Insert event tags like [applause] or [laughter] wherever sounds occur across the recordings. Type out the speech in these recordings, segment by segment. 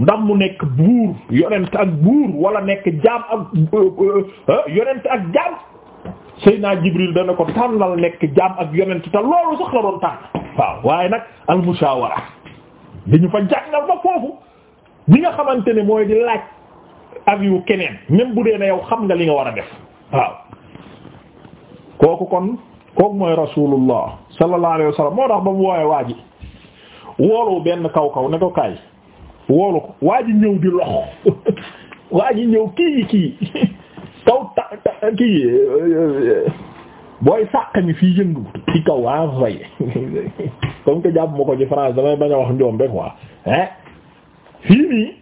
ndax mu nekk buur yonent ak buur wala nekk jaam ak euh, euh, yonent ak jaam Seydina Jibril dana ko tànnal nekk jaam ak yonent te loolu sax la doon tànn waaw waaye nag al mushawara li ñu fa jàngal ba foofu bi nga xamante ne mooy di laaj avis keneen même bu dee na yow xam nga li nga war a def waaw kooku kon kooku mooy rasulullah sallallahu alayhi wasallam moo tax ba mu woowe waa ji benn kaw kaw ne ko kaay woolu ko waa ji ñëw di [laughs] ji ñëw kii kii [laughs] kaw ta ta kii euh, euh, booy sàq mi fii yëngu ci kaw waa ah, vaye [laughs] comme que jàpp ma ko ci France damay bañ a wax njoombe quoi hein fii nii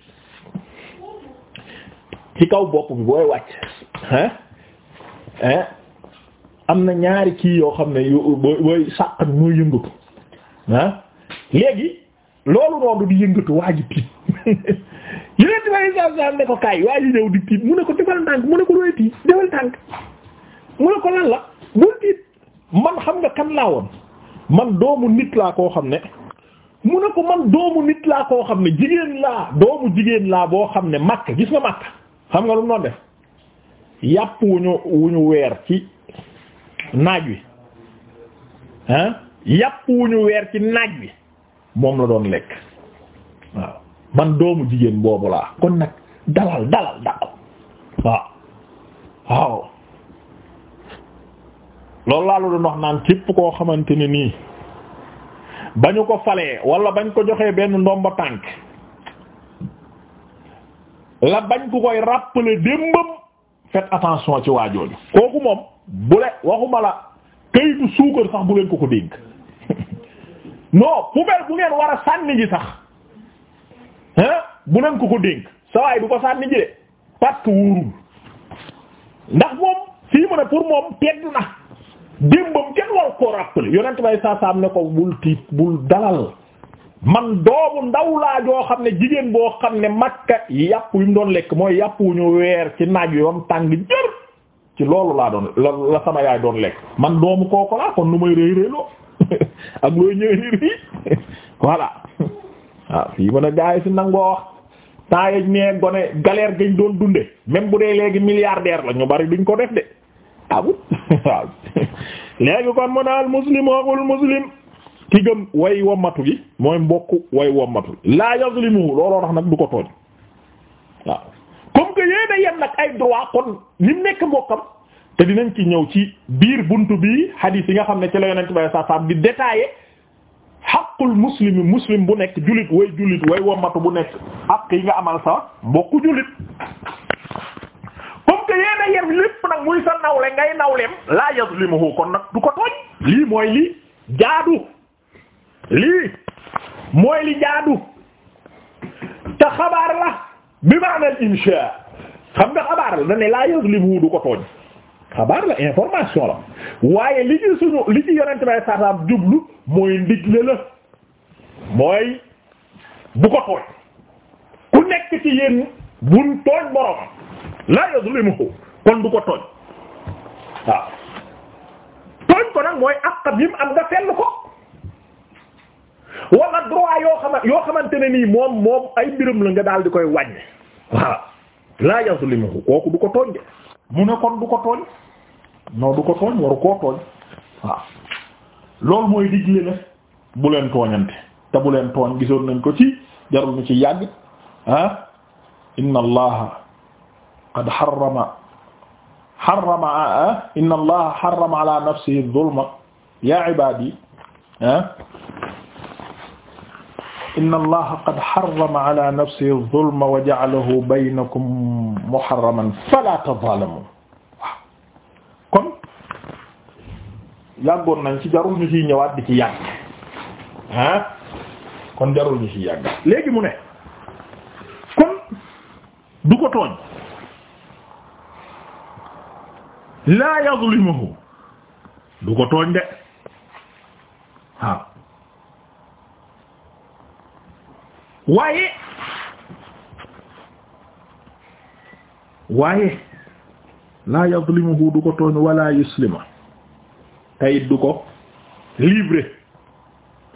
ci kaw bopp booy wàcc hein hein am na ñaari kii yoo xam ne yu booy sàq mi mooy yëngatu ah léegi loolu noonu di yëngatu waa ji tiit yeneen tubaab yi saa saa ñëw di tiit mu ne ko defal tànk mu ne ko looy defal tànk mu ne ko lan la bul tiit man xam nga kan laa woon man doomu nit laa koo xam ne mu ne ko man doomu nit laa koo xam ne jigéen laa doomu jigéen laa boo xam ne makk gis nga makk xam nga lu mu noonu yàpp wu ñu weer ci naaj wi ah yàpp wu ñu weer ci naaj wi. moom la doon lekk waaw man doomu jigéen boobu laa kon nag dalal dalal dalal waaw waaw loolu laa la doon wax naan képp koo xamante ne nii ba ñu ko falee wala bañ ko joxee benn ndomba tànk la bañ ko koy rappeler démbam faites attention ci waajooju kooku moom bu le waxuma la kayitu suukar sax bu leen ko ko dénk non poubelle bu ngeen war a sànni ji sax ah bu nañ ko ko dénk sa waay du ko sànni ji de parce que wóorul ndax moom fii mu pour moom tedd na démbam kenn war koo rappelé yonent bay saasaam ne ko bul tiit bul dalal man doomu ndaw laa joo xam ne jigéen boo xam ne makka yàpp yu mu doon lekk mooy yàpp wu ñu weer ci naaj wi bam tàng jër ci loolu laa doon la sama yaay doon lekk man doomu kooku laa kon nu may réy réyloo ak [laughs] looy ñëwee nii nii waaw [laughs] ah, fii mën a gaay si nangoo wax temps yii gone galère gañ doon dunde même bu dee léegi milliardaire la bari duñ ko def de amul ah [laughs] léegi kon mu daal muslim muslim ki way wommatu gi mooy mbokk way wommatu laa yazlimu looloo tax nag du ko tooñ waaw comme que yéen a yem nag ay droit kon lim nekk mbokkam. te dinañ ki ñëw ci biir bunt bi hadith yi nga xam ne ci la yonent bi saa saa di détaillé xaqul muslimi muslim bu nekk jullit way jullit way wommatu bu nekk ak yi nga amal sa mbokku jullit comme que yéen yem lépp nag muy sa nawle ngay nawleem laa yazlimuhu kon nag du ko tooñ lii mooy li jaadu lii mooy li jaadu te xabaar la bi maanal insha xam nga xabaar la ne laa yazlimuhu du ko tooñ xabaar la information la waaye li ci suñu li ci yonent bay saasaam jublu mooy ndigle la mooy bu ko tooñ ku nekk ci yéen buñ tooñ borom la yuzlimuhu kon du ko tooñ waaw tooñ ko nag mooy àqam yim am nga fenn ko wala droit yoo xama yoo xamante ne moom moom ay mbiram la nga daal di koy wàññi waaw la yuzlimuhu kooku du ko tooñ de mu ne kon du ko tooñ non du ko tooñ waru koo tooñ waaw mooy digle la bu leen tooñante te bu leen tooñ gisoon nañ ko ci jarul ñu ci yàgg ah inna allaha qad harrama harrama ah inna allaha harrama ala nafsihi zulma ya ibadi ah inna allaha qad harrama ala nafsihi zulma wa ja'alahu baynakum muharraman fala tazalamu waaw kon yàggoon nañ ci jarul ñu ciy ñëwaat di ci yàgg ah kon jarul ñu ciy yàgg léegi mu ne kon du ko tooñ la yazlimuhu du ko tooñ de waaw waaye waaye laa yazlimuhu du ko tooñ wala yuslima tey du ko livrer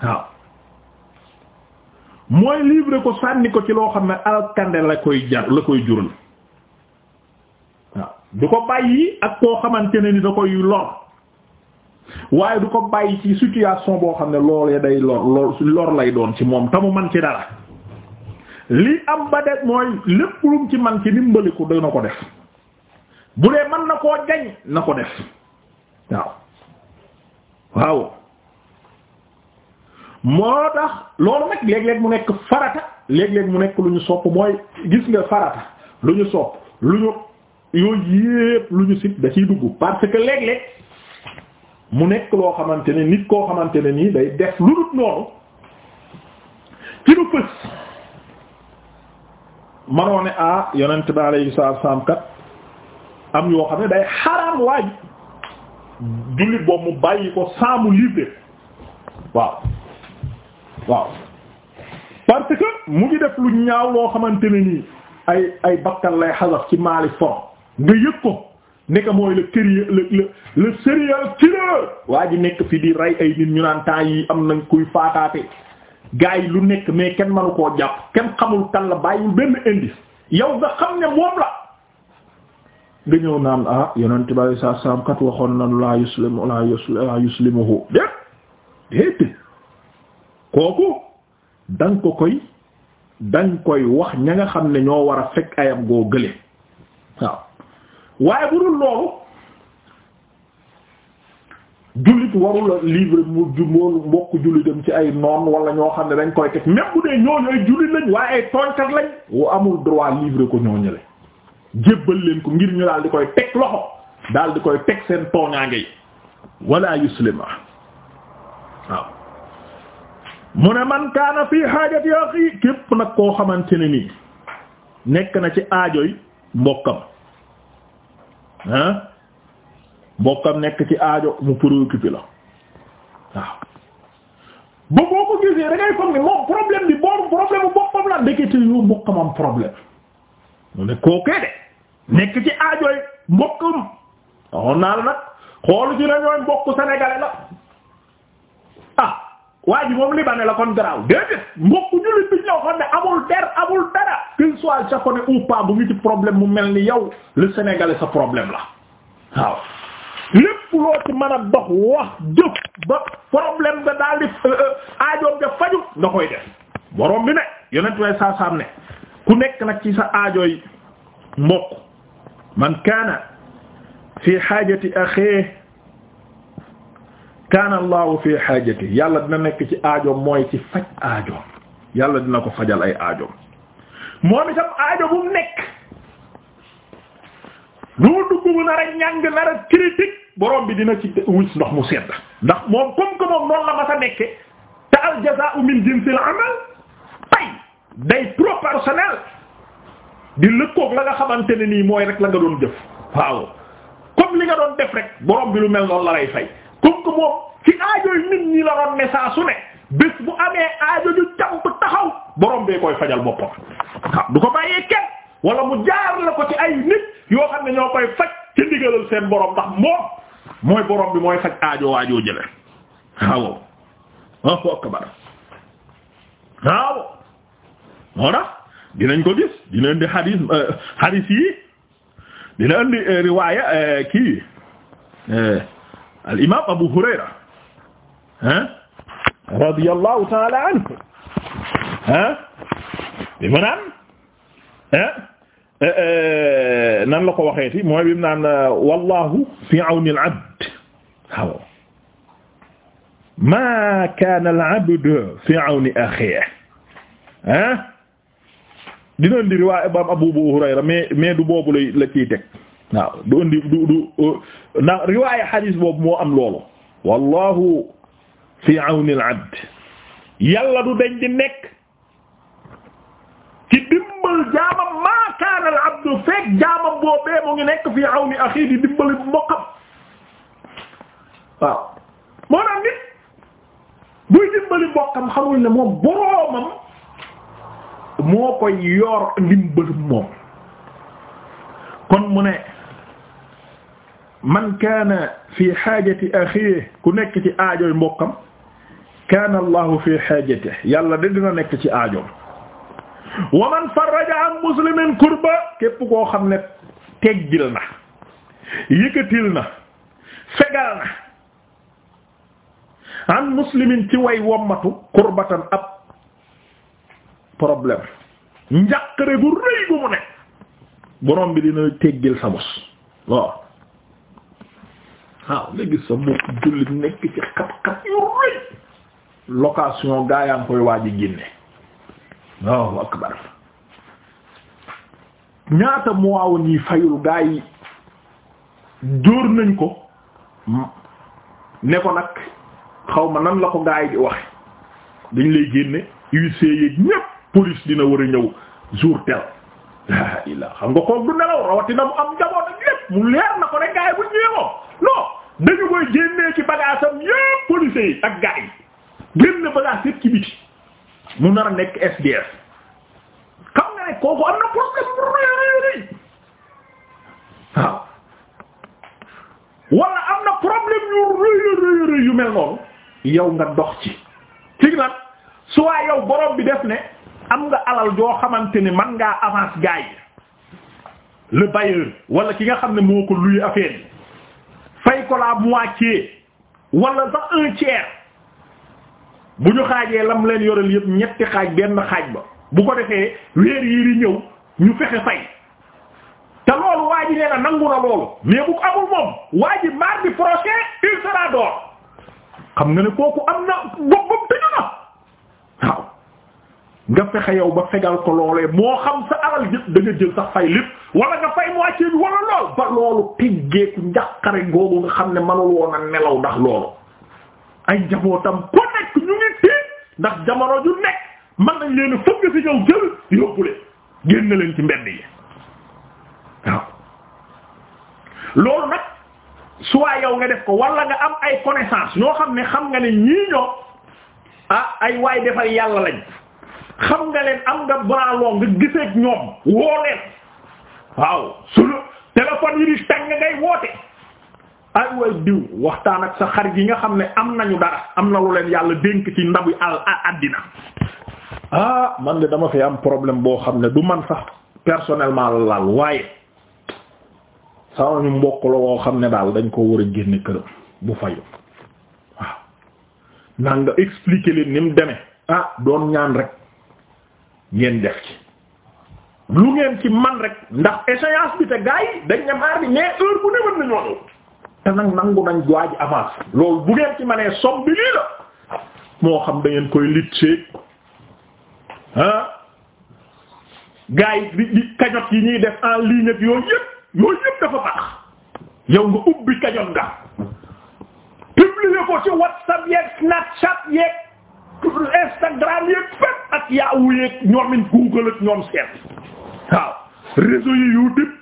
waaw mooy livrer ko sànni ko ci loo xam ne alkande la koy jar la koy jural waaw du ko bàyyi ak koo xamante ne ni da koy lor waaye du ko bàyyi ci situation boo xam ne loolee day lor lor lor lay doon ci moom te mu man ci dara li am ba des mooy lépp lum ci man ci dimbaliku dana ko def bu dee mën na koo jañ na ko def waaw waaw moo tax loolu nag nekk farata léeg mu nekk lu ñu sopp mooy gis nga farata lu ñu sopp lu ñu yooyu yépp lu ñu sit da ciy dugg parce que léeg-léeg mu nekk loo xamante ne nit koo xamante ne nii day def lu dul noonu ci lu fës manoo ne a ah, yonent bi alayhi salaatu salaam am yoo xam ne day xaraam waaj jullit boobu mu bàyyi ko saamu libre waaw waaw mu ngi def lu ñaaw loo xamante ne nii ay ay bakkal lay xasaf ci maali foro nga yëg ko nekk mooy le sérieux le le le serial killer waa ji nekk fi di rey ay nit ñu naan temps yi am nañ kuy faataate gaa yi lu nekk mais kenn mënu koo jàpp kenn xamul kan la bàyyiwul benn indice yow nga xam ne moom la nga ñëw naan ah yonent bi saa saam waxoon na laa yuslimu laa yuslimu laa yuslimuhu déet déet kooku danga ko koy danga koy wax ña nga xam ne ñoo war a fekk ayam goo gële waaw waaye bu dul loolu jullit warula livre mu moolu mbokk jullitam ci ay noon wala ñoo xam ne dañ koy teg même bu dee ñooñu ay jullit lañ waaye ay tooñkat lañ wa amul droit livre ko ñooñu le jébbal leen ko ngir ñu daal di koy teg loxo daal di koy teg seen tooñaange yi wala yuslima waaw mu ne man kaana fii xaajati axi képp nag koo xamante ne nii nekk na ci aajoy mbokkam ah mbokkam nekk ci aajo mu préoccupé la waaw ba boo ko gisee da ngay ni moom problème bi boobu problème bu boppam la mbokkam am problème mu kookee de nekk ci aajoy mbokkam waxoon naa la nag xoolu ci nañooy mbokk sénégalais la ah waa ji moom libanais la kon garaaw déedéet mbokk jullit bi ñoo xam ne amul der amul dara qu'il soit japonais ou pas bu ngi problème mu mel ni yow le sénégalais sa problème la waaw lépp loo ci mën a dox wax jëf ba problème nga daal euh, euh, aajoom nga faju nga koy def borom bi ne yonent way saa ne ku nekk nag ci sa aajooy mbokk man kaana fi xaajati axee kaana allahu fi xaajati yàlla dina nekk ci aajo mooy ci faj aajoom yàlla dina ko fajal ay aajoom moom itam aajo bu nekk lu dugg bu nar a ñàng nar boroom bi dina ci wis ndox mu sedd ndax moom comme que moom noonu la ma sa nekke te al jazaa'u min jinsil amal pay day proportionnel di lëkkoog la nga xamante ne nii mooy rek la nga doon jëf waaw comme li nga doon def rek boroom bi lu mel noonu la lay fay comme que moom ci aajooy nit ñi la doon message su ne bés bu amee aajo ñu jàmp taxaw borom bee koy fajal boppam waaw du ko bàyyee kenn mu jaar la ko ci ay nit yoo xam ne ñoo koy faj. ci digalal seen borom ndax mooy borom bi mooy faj aajo waajoo jële waaw waaw akbar waaw moo tax dinañ ko gis dina indi hadis hadis yi dina eh, eh, kii eh, al Abu Hurayra ah ta'ala anhu ah bi Eh, eh, nan la ko waxeeti mooy bi mu naan eh, wallahu fi awni al-abd waaw ma kaana al-abd fi awni akhihi ah dina indi riwaaya ba Abu Hurayra mais mais du boobu lay la ciy teg waaw du am loolu wallahu fi awni al-abd yàlla du dañ di nekk ci dimbal ma kaana al abdu fekk jaamam boobee mu ngi nekk fi awni axi di dimbali mbokkam waaw moo buy dimbali mbokkam xamul ne moom boroomam moo koy yor ndimbalum moom kon mu man kaana fi xaajati axiihi ku nekk ci aajoy mbokkam kaana allahu fi xaajatihi yàlla di dina nekk ci aajo wa man farraja an kurba képp koo xam ne teggil na yëkkatil na fegal na an muslimin ci way wommatu kurbatan ab problème njàqare gu rëy gu mu ne borom bi dina teggil sa bos waaw waaw gis sa mbokk jullit nekk ci xat-xat yu rëy location gaa koy waaj a génne Allahu akbar ñaata mois ñi fayul gaa yi dóor nañ ko ne ko nag xaw ma nan la ko gaa yi di waxe dañ lay génne huissier yeeg ñépp police dina war a ñëw jour tel la ilaa xam nga koog du nelaw rawatina mu am njaboot ak lépp mu leer na ko ne gaa yi bu ñëwee moom dañu koy génnee ci bagaasam yépp policiers yi ak gaa yi génne bagaas ci biti mu nar a nekk SDF xam nga ne kooku am na problème bu yu rëy mel noonu yow nga dox ci ci nag su waa yow borom bi def ne am nga alal joo xamante ne man ngaa avance gars yi le bailleur wala ki nga xam ne moo ko luy affaire fay ko la moitié wala sax un tiers bu ñu xaajee lam leen yoreel yëpp ñetti xaaj benn xaaj ba bu ko defee weer yii di ñëw ñu fexe fay te loolu waa ji nee na nangu na loolu mais bu amul moom nga ne kooku am waaw nga fexe yow ba fegal ko loolee moo xam sa alal yëpp da nga jël sax fay lépp wala nga fay moitié bi wala lool ba loolu tiggeeku njàqare googu nga xam ne manul woon nelaw ndax loolu ay njabootam kon nekk ñu ngi tiit ndax jamono ju nekk mën nañ leen fëgg ci ñëw jël yóbbu leen génn leen ci mbedd yi waaw loolu nag soit yow nga def ko walla nga am ay connaissance ñoo xam ne xam nga ne ñii ñoo ah ay waay defal yàlla lañ xam nga leen am nga bralon nga giseek ñoom woo leen waaw suñu téléphone yi di tàng ngay woote ay way diw waxtaan ak sa xarit yi nga xam ne am nañu dara am na lu leen yàlla dénk ci ndabu al àddina ah man de dama fi am problème boo xam ne du man sax personnellement la laal waaye sama ñu mbokk la woo xam ne daal dañ ko war a génne këram bu fayu waaw naa nga expliquer leen ni mu demee ah doon ñaan rek ngeen def ci lu ngeen ci man rek ndax échéance bi te gars dañ ne maar bi mais heure bu ne mën nañu te nag nangu nañ waaj avance loolu bu ngeen ci manee somme bi lii la moo xam dangeen koy lit seeg ah yi di yi ñuy def en ligne ak yooyu yëpp yooyu yëpp dafa baax yow nga ubbi cagnotte nga publier ko ci whatsapp yeeg snapchat yeeg instagram yeeg fépp ak yahoo yeeg ñoomin google ak ñoom seet waaw réseau yi youtube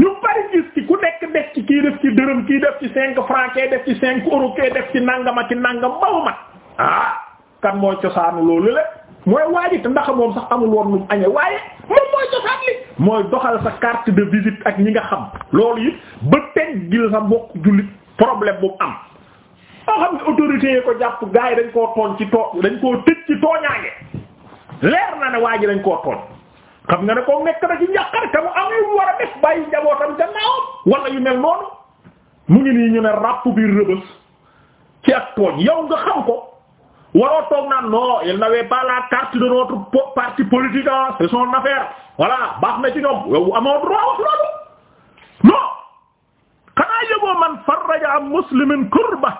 ñu bari gis ci ku nekk nekk ci kii def ci dërëm kii def ci cinq francs kee def ci cinq euros kee def ci nangama ci nangam bawu mat ah kan mooy cosaanu loolu la mooy waajit ndax moom sax amul woon lu añee waaye moom mooy cosaan li mooy doxal sa carte de visite ak ñi nga xam loolu yi ba teg gil sa mbokk jullit problème bu am moo xam ne autorité ko jàpp gars yi dañ koo tooñ ci too dañ koo tëj ci tooñaange leer na ne waa ji dañ koo tooñ xam nga ne ko nekk na ci njàqar ka mu a def bàyyi njabootam gannaawam wala yu mel noonu mu ngi nii ñu ne ràpp biir rëbës ci ak tooñ yow nga xam ko waroo toog naan non il n'avait pas la carte de parti politique ah c'est son affaire voilà baax na ci ñoom yow amoo droit wax loolu non xanaa yëgoo man farraja am muslimin kurba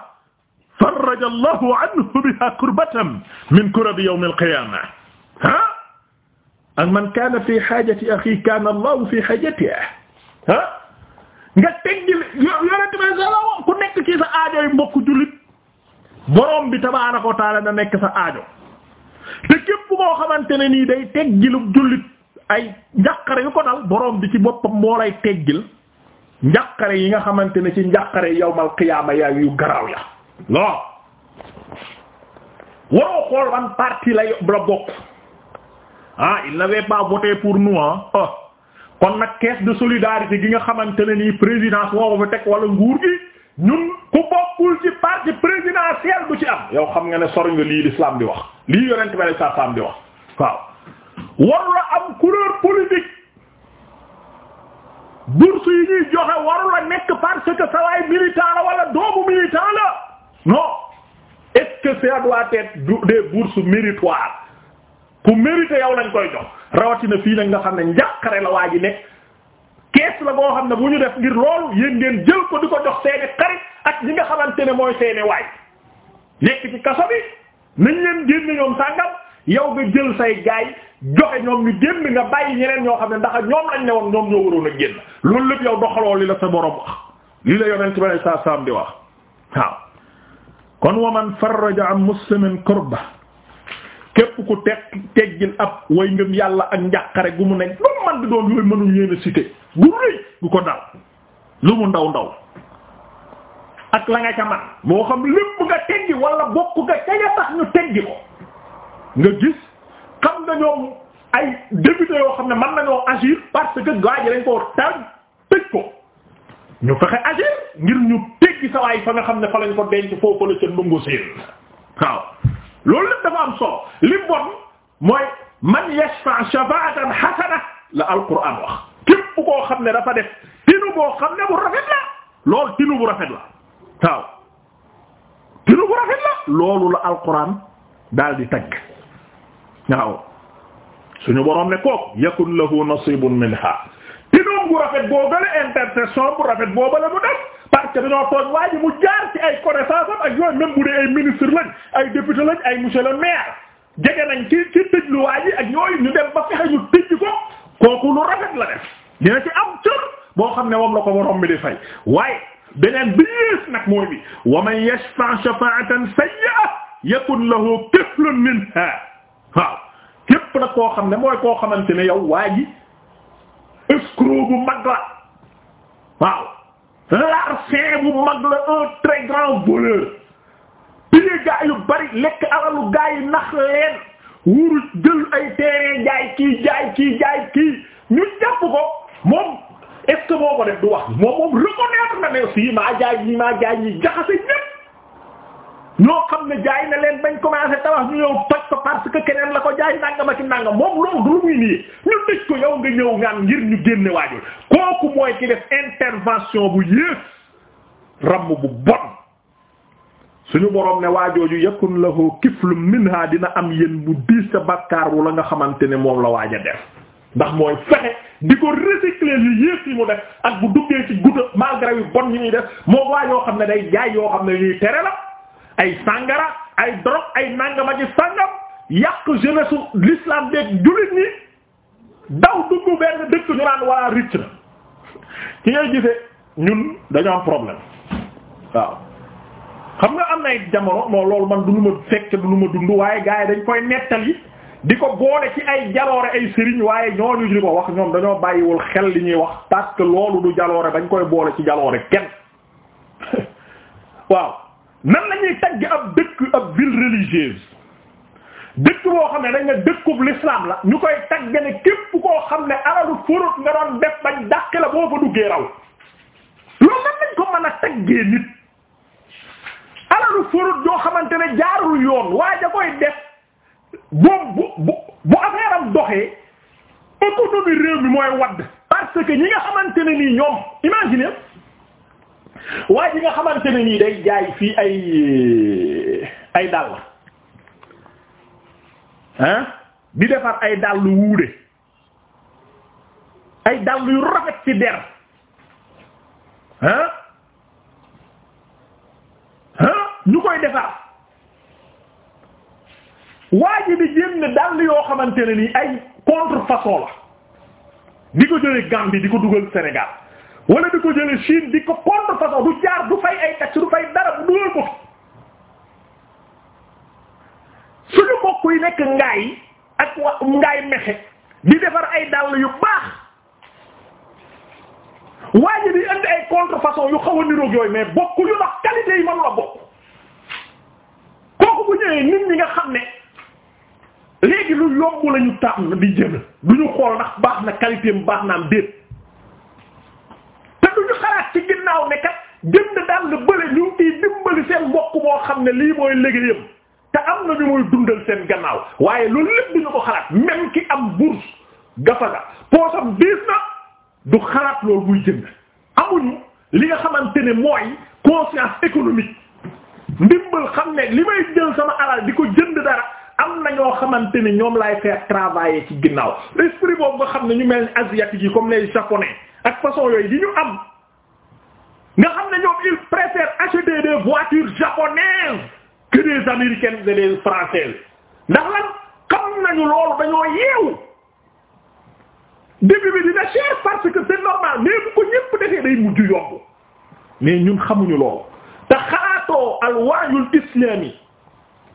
farraja Allahu anhu biha kurbatan min kurabi yawm al ak man kaana fi xaajati axi kaana allahu fi xaajatihi ah nga teggil yonente bi sallallahu ku nekk ci sa aajo yi mbokk jullit borom bi tabaaraka wa taala nekk sa aajo te képp koo xamante ne nii day teggilub jullit ay njàqare yu ko dal borom bi ci boppam moo lay teggil njàqare yi nga xamante ne ci njàqare yawmal qiyaama ya yu garaaw ya loo waroo xool ban parti la bokk ah il n'avait pas voté pour nous ah kon nag caisse de solidarité gi nga xamante ne nii présidence moo ko fi teg wala nguur gi ñun ku bokkul ci parti présidentiel du ci am yow xam nga ne sori nga lii l'islam di wax lii yonent bi sa sam wax waaw warula am couleur politique bourse yi ñuy joxe warula nekk parce que sawaay militant la wala doomu militant la non est que ça doit être des bourses ku mérité yow lañ koy jox rawatina fii nag nga xam ne njàqare la waa ji nekk kees la boo xam ne bu ñu def ngir loolu yéen ngeen jël ko di ko jox seeni xarit ak ñi nga xamante ne mooy seeni waay nekk ci kaso bi nañ leen génn ñoom sàngam yow nga jël say gaay joxe ñoom ñu génn nga bàyyi ñeneen ñoo xam ne ndax ñoom lañ ne woon ñoom ñoo waroon a génn loolu lépp yow doxaloo li la sa borom wax li la yonent bi sallallahu alayhi wasallam di wax waaw kon waman farraja an muslimin kurba képp ku teg teggil ab way ngëm yàlla ak njàqare gu mu ne lu mu man di doon yooyu mënul ñeen a cité rëy bu ko dal lu mu ndaw ndaw ak la nga ca man moo xam lépp nga teggi wala bokk nga ca nga tax ñu teggi ko nga gis xam nga ñoom ay député yoo xam ne mën nañoo agir parce que gaa ji lañ ko tar tëj ko ñu fexe agir ngir ñu teggi sa waay fa nga xam ne fa lañ ko denc foofu la ca ndungu siin waaw loolu lépp dafa am mooy man yashfa shafaatan hasana la alquran wax képp koo xam ne dafa def tinu boo xam ne bu rafet la loolu tinu bu rafet la waaw tinu bu rafet la loolu la alquran daal di tagg waaw suñu boroom ne kooku yakun lahu nasibun minha tinu bu rafet boo gële intercession bu rafet boo mu def parce que dañoo toog waa ji mu jaar ay connaissance am ak yooyu même bu dee ay ministre ay député lañ ay monsieur le maire jege nañ ci ci tëjlu waa ji ak yooyu ñu dem ba fexe ñu tëj ko kooku lu rafet la def dina ci am cër boo xam ne moom la ko borom bi di fay waaye beneen bi yées nag mooy bi wa man yashfa' shafa'atan sayyi'atan yakun lahu kiflun xam ne mooy koo xamante ne yow waa ji escroc waaw larcin bu mag la un très grand voleur pile gaa yu bari lekk alalu gaa yi nax leen wuru jël ay terrain jaay kii jaay kii jaay kii ñu jàpp ko moom est moo du wax moom moom reconnaître na ne si maa jaay ñi maa jaay ñi jaxase ñépp ñoo xam ne jaay na leen bañ commencé tabax ñu ñëw toj ko parce que keneen la ko jaay nangama ci nangam moom loolu du muy nii ñu tëj ko yow nga ñëw ngaan ngir ñu génne waaje kooku mooy ki def intervention bu yées ramm bu bon suñu boroom ne waajooju yakun lahu kiflun minha dina am yéen bu diis sa bakkaar wu la nga xamante ne moom la waaj a def ndax mooy fexe di ko recycler yu yées yi mu def ak bu duggee ci guta malgré yu bon yi ñuy def moo waajoo xam ne day jaay yoo xam ne yuy la ay sangara ay drogue ay nangama ci sangam yàq jeunesse l'islam beeg jullit ñi daw dugg benn dëkk ñu naan wala ricc na ci ngay gisee ñun dañoo am problème waaw. xam nga am na ay jamono non loolu man du lu ma fekk du lu ma dund waaye gars yi dañ koy nettali di ko boole ci ay jaloore ay sëriñ waaye ñooñu di ko wax ñoom dañoo bàyyiwul xel li ñuy wax parce que loolu du jaloore bañ koy boole ci jaloore kenn [laughs] waaw. nan la ñuy tagg ab dëkk ab ville religieuse dëkk boo xam ne dañ ne bu l'islam la ñu koy tagg ne képp koo xam ne alalu furut nga doon def bañ dàq la boo fa duggee raw loolu nan lañ ko mën a taggee nit alalu furut joo xamante ne jaarul yoon waaye da koy def boom bu bu bu affaire am doxee économie réew mi mooy wadd parce que ñi nga xamante ne nii ñoom imagine waa yi nga xamante ne nii day jaay fii ay ay dàll hein di defar ay dàll wuude ay dàll yu rafet ci der hein hein ñu koy defar waa ji di génn dàll yoo xamante ne nii ay contrefaçon la di ko jële Gambie di ko dugal Sénégal wala di ko jële Chine di ko pond façon du jaar du fay ay tax du fay dara bu dugal ko suñu mbokk yi nekk ngaay ak wa ngaay mexe di defar ay dàll yu baax waaye di indi ay contrefaçon yu xaw a niroog yooyu mais bokku yu la qualité yi manu la bokk kooku bu ñëwee nit ñi nga xam ne léegi lu yomb lañu tàmm di jël du ñu xool ndax baax na qualité mu baax na am ñu xalaat ci ginnaaw ne kat jënd daal la bële ñu ngi dimbali seen mbokk moo xam ne lii mooy liggéeyam te am na ñu muy dundal seen gannaaw waaye loolu lépp duñu ko xalaat même ki am bourse gafaga poosam diis na du xalaat loolu muy jënd amuñu li nga xamante ne mooy conscience économique ndimbal xam ne li may jël sama alal di ko jën dara am na ñoo xamante ni ñoom laay faire travailler ci ginnaaw esprit boobu nga xam ne ñu mel ni asiatique yi comme les japonais ak façon yooyu yi ñu nga xam na ñoom ils préfèrent acheter des voitures japonaises que des de et des ndax lan xam nañu loolu dañoo yeewu début bi dina cher parce que c'est normal mais bu ko ñëpp defee day mujj yomb mais ñun xamuñu loolu te xalaatoo alwaayul islami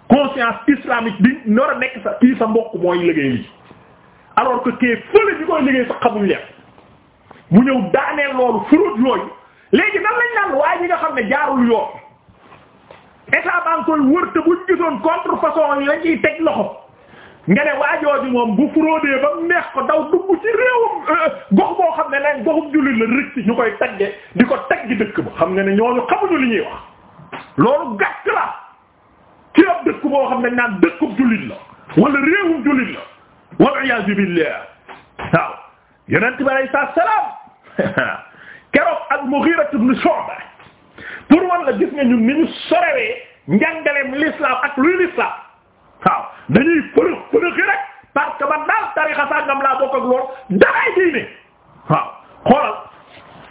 conscience islamique bi ñor nekk sa kii sa mbokk mooy liggéey lii alors que kay ñu koy liggéey sax xamuñ leen mu ñëw daaneel loolu fraude yooyu léegi nan lañ naan waaye ñi nga xam ne jaarul yoon état ba koy wër te buñ gisoon contrefaçon yi lañ ciy teg loxo nga ne waajooju bu fraudé ba mu ko daw dugg ci réewum euh, gox boo xam ne leen goxum jullit la rëcc ñu koy tagge di ko tagg dëkk ba xam nga ne ñooñu xamuñu li ñuy wax loolu gàtt la ci dëkk boo xam ne naan dëkkub jullit la wala réewum jullit la wal iyaazu billah waaw yonent bi alayhi salaam [laughs] keroog al-Mughira ibn Shu'ba pour la gis nga ñun ni ñu sorewee ak luy l'islam waaw dañuy fërëx fërëxi rek parce que man daal tarixa sàngam laa bokk ak lool daraay diine waaw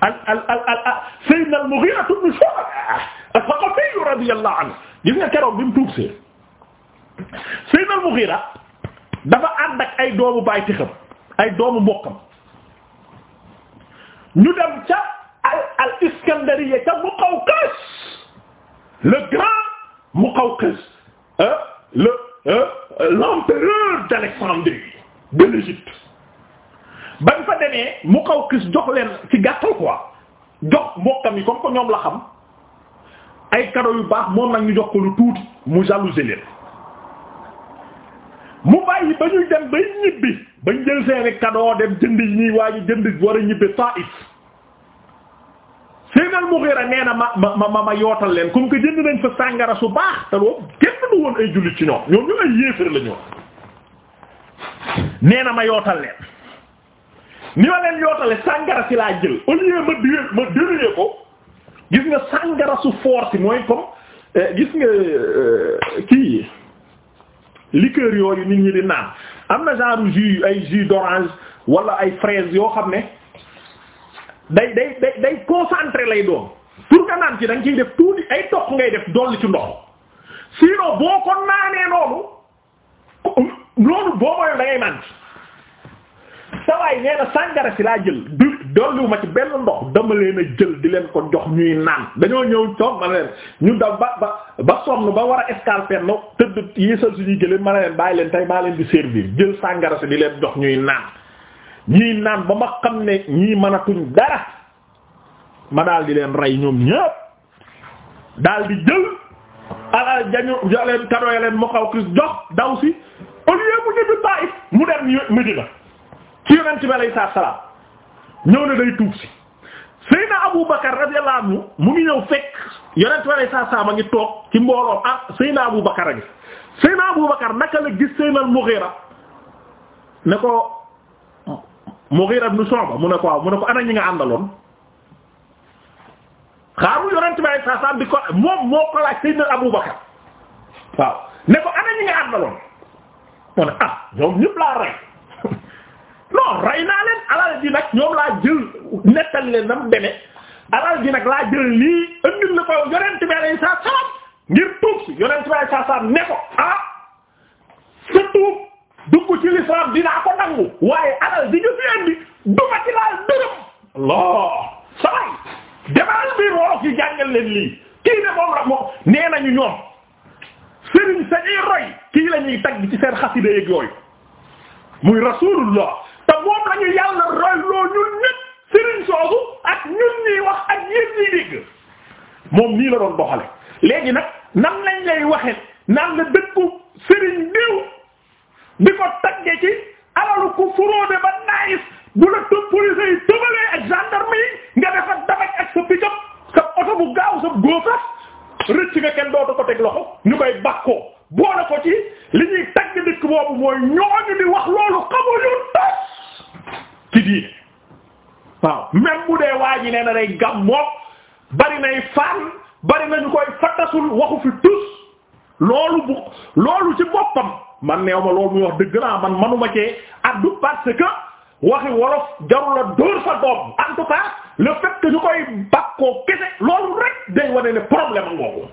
al al al al al-Mughira ibn Shu'ba al-Thaqafi radiyallahu anhu gis nga keroog bi mu tuubsee sayyidna al-Mughira dafa ànd ak ay doomu ay doomu mbokkam ñu dem ca al al Iskandariya ca Muqawqis le grand Muqawqis ah le l'empereur d'Alexandrie de l'Égypte bañ fa demee Muqawqis jox leen ci gàttal quoi jox mbokkam yi comme que ñoom la xam ay cadeau yu baax moom nag ñu jox ko lu tuuti mu jalousé leen mu bàyyi ba ñuy dem bay ñibbi. bañ jël seeni cadeau dem jënd yi ñuy waaji jënd war a ñibbi Taif Seynal Mughira nee na ma ma ma ma yootal leen comme que jënd nañ fa sàngara su baax te loolu kenn du woon ay jullit ci ñoom ñoom ñu ay yéefar la ñoom nee na ma yootal leen ni ma leen yootale sàngara si laa jël au lieu ma duye ma dénuyee ko gis nga sàngara su force si mooy comme eh, gis nga eh, kii liqueur yooyu nit ñi di naan am na genre jus ay jus d'orange wala ay fraise yoo xam ne day day day day concentré lay doon pour nga naan ci da def tuuti ay dox ngay def dool dolli ci ndox sinon boo ko naanee noonu loolu boo moyoon dangay man mànk sawaay nee na si laa jël dolliwu ma ci benn ndox dama leen a jël di leen ko jox ñuy naan dañoo ñëw toog ma ne leen ñu daf ba ba ba sonn ba war a escalpenn tëdd yéesal suñuy gëléen ma ne leen bàyyi leen tey maa leen di servir jël sàngara si di leen jox ñuy naan ñuy naan ba ma xam ne ñii mënatuñ dara ma daal di leen rey ñoom ñëpp daal di jël alal jañu leen kado ya leen mokaw Christ jox daw si au lieu mu ñibbi mu dem Medina ci yonent bi alayhi salaam ñëw ne day tuub si Seydina Abu Bakar radiyallahu anhu mu ngi ñëw fekk yonent waree saa saa ma ngi toog ci mbooloo ah Seydina Abu Bakar a ngi Seydina Abu Bakar naka la gis Seydina Mughira ne ko Mughira ibn Shu'ba mu ne ko waaw mu ne ko ana ñi nga àndaloon xaaru yonent bi saa saa moom moo ko laaj Abu Bakar waaw ne ko ana nga àndaloon mu ne ah ñoom ñëpp laa rey non rey naa leen alal ji nag ñoom laa jël nettali leen nam deme ji nag laa jël lii ëndil la ko yonent bi alayhi salaam ngir tuub si yonent bi alayhi salaam ne ko ah sa tuub dugg ci l'islam dinaa ko nangu waaye alal ji nga fi indi duma ci laal dërëm Allah sabay demal bi roog yi jàngal leen kii ne moom ra moom nee nañu ñoom sëriñ sa i roy kii la ñuy tagg ci seen xasida yéeg yooyu muy rasulullah te moom la ñu yàlla royloo ñun ñëpp sëriñ soosu ak ñun ñuy wax ak yéen ñuy dégg moom nii la doon doxale léegi nag nan lañ lay waxe naan la dëkku sëriñ diw bi ko tagge ci alalu ku furóode ba naayis bu la tëb police yi tëbalee ak gendarme yi nga defa dabaj ak sa pick-up sa oto bu gaaw sa góofas rëcc nga kenn dootu ko teg loxo ñu koy bakkoo boole ko ci li ñuy tagg dëkk boobu mooy ñooñu di wax loolu xamuñu tas ci diine waaw même bu dee waa ji nee na day gam moom bari nay faan nañu koy fattasul waxu fi tus loolu bu loolu ci boppam man neew ma loolu muy wax dëgg naa man manuma cee addu parce que waxi wolof jarul a dóor sa doom en tout cas le fait que ñu koy bakkoo kese loolu rek day wane ne problème a ngoogu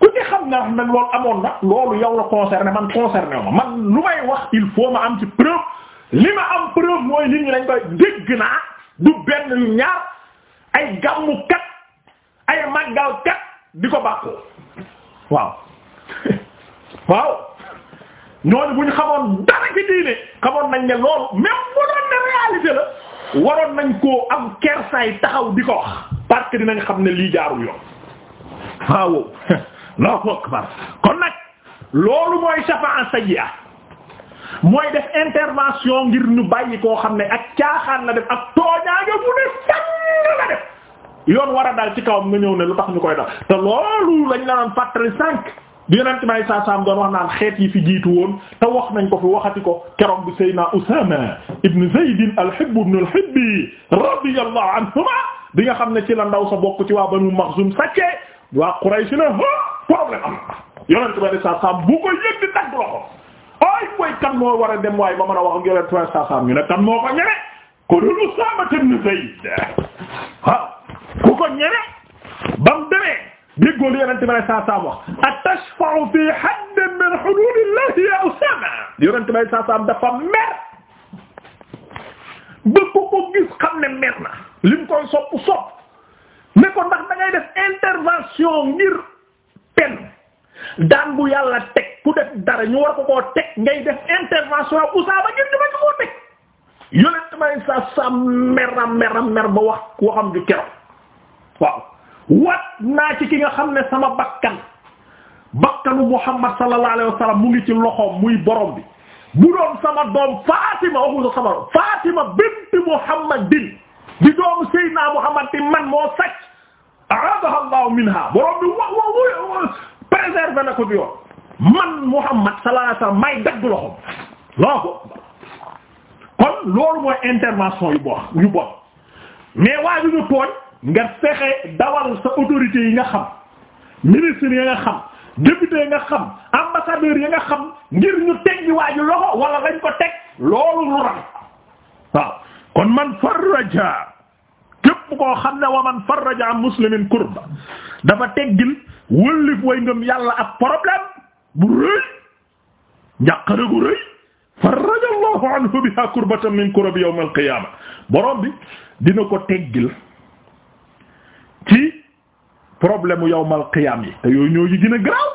ku ci xam na nag loolu amoon na loolu yow la concerné man concerné ma man lu may wax il faut ma am ci preuve li ma am preuve mooy nit ñi dañ koy dégg naa du benn yu ñaar ay gàmmukat ay màggalkat di ko bàkkoo waaw [laughs] waaw ñooñu bu ñu xamoon dara ci xamoon nañ ne loolu même bu doon ne réalité la waroon nañ koo am kersaay taxaw di ko wax parce dinañ xam ne lii jaarul yoon waaw laa [laughs] ko akbar kon nag loolu mooy mooy def intervention ngir ñu bàyyi koo xam ne ak caaxaan na def ak tooñaange bu ne fenn la def yoon war a dal ci kawam nga ñëw ne lu tax ñu koy dal te loolu lañ la noon fàttali sànq bi yonent may saa saam wax naan xeet yi fi jiitu woon te wax nañ ko fi waxati ko keroog bi Seydina Usaama ibn Zayd al-Hibb ibn al-Hibb radiyallahu anhuma bi nga xam ne ci la ndaw sa bokk ci waa Banu Maxzum sàcce waa Quraysh na problème am yonent may saa saam bu way kan moo war a dem waaye ba mën a wax ak yore trois cent cent ñu ne kan moo ko ñeme ko dul Usaama ibn Zayd waaw ku ko ñeme ba mu demee déggoo li yonente bi saa saa wax atashfa'u fi haddin min hududillahi ya Usaama yonente bi saa saa dafa mer ba ku ko gis xam ne mer na lim koy sopp sopp ne ko ndax da ngay def intervention ngir pen daan bu yàlla teg ku def dara ñu war ko koo teg ngay def intervention Usaama ngir ñu bañ koo teg yonent may sa sa mera mera mer ba wax waxam ju keroog waaw wat naa ci ki nga xam ne sama bakkan bakkanu Muhammad sallallahu alayhi wa sallam mu ngi ci loxoom muy borom bi bu doon sama doom Fatima waxu sama doom Fatima binti Muhammadin di doomu Seydina Muhammad di man moo sàcc a'adaha Allah minha borom bi wax wax préserver na ko di man Muhammad sallallahu alayhi wasallam may dagg loxo loo ko kon loolu mooy intervention yu bon yu bon mais waa ju ñu tooñ nga fexe dawal sa autorité yi nga xam ministre yi nga xam député yi nga xam ambassadeur yi nga xam ngir ñu teggi waa ju loxo wala lañ ko teg loolu lu ram waaw kon man farraja képp koo xam ne wa man farraja muslimin kurba dafa teggil wëllif way ngëm yàlla ak problème bu rëy njàqare gu rëy faraja allahu anhu biha kurbatan min kurab yawm al qiyama borom bi dina ko teggil ci problème yawm al qiyam yi te yooyu ñoo yi gën a graw